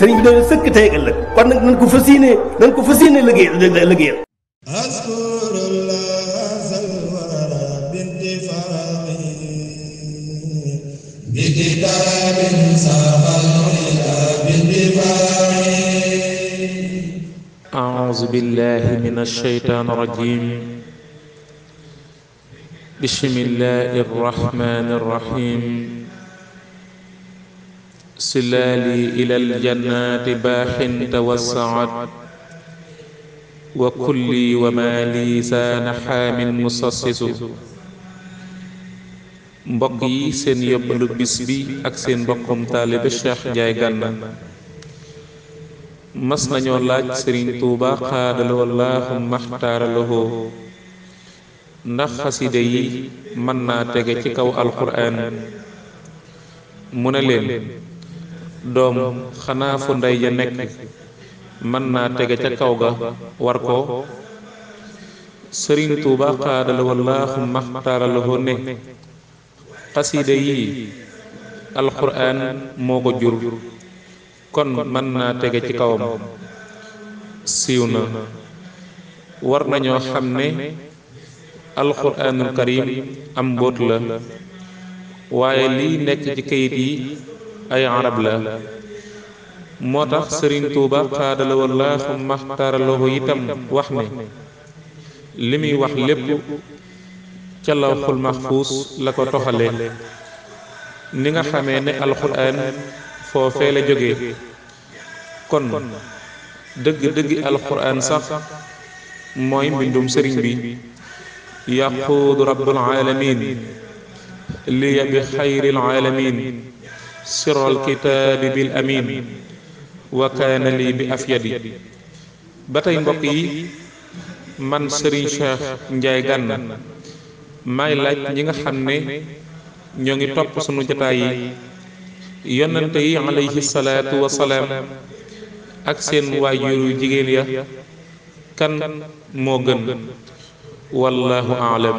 sëriñ bi dañu sëkk tey ëllëg kon nag nañ ko fas yéene nañ ko fas yéene liggéey liggéeyal أعوذ بالله من الشيطان الرجيم بسم الله الرحمن الرحيم silaali ila aljannaati baaxin tawassaat wa kulli wa maali saana xaamin musassisu mbokk yi seen yóbbalu bis bi ak seen mbokkum taalibe Cheikh Njaay Gànna mas nañoo laaj sëriñ tuuba xaadaloo laahu maxtaaraloo ndax xaside yi mën naa tege ci kaw alquraan mu ne leen doom xanaa fu ndey ja nekk mën naa tege ca kaw ga war ko sëriñ tuuba xaadala wallaahu maxtaaralahu ne xasiida yi alxuraan moo ko jur kon mën naa tege ci kawam siiw na war nañoo xam ne alxuraanul karim am mbóot la waaye liy nekk ci kayit yi ay arab la moo tax sëriñ tuuba xaadala wallaahu maxtaaraloohu itam wax ne li muy wax lépp ca lawxul maxfuus la ko toxale ni nga xamee ne alxuraan foofee la jóge kon dëgg dëggi alxuraan sax mooy mbindum sëriñ bi yaquudu rabbul aalamiin liya bi xayril aalamiin سر الكتاب بالأمين وكان لي بأفيدي باتاي yi man Serigne Cheikh Ndiaye Gana maay laaj ñi nga xam ne ñoo ngi topp sunu jataay yi yonante yi alayhi salaatu ak seen waajur yu jigéen ya kan moo gën wallahu aalam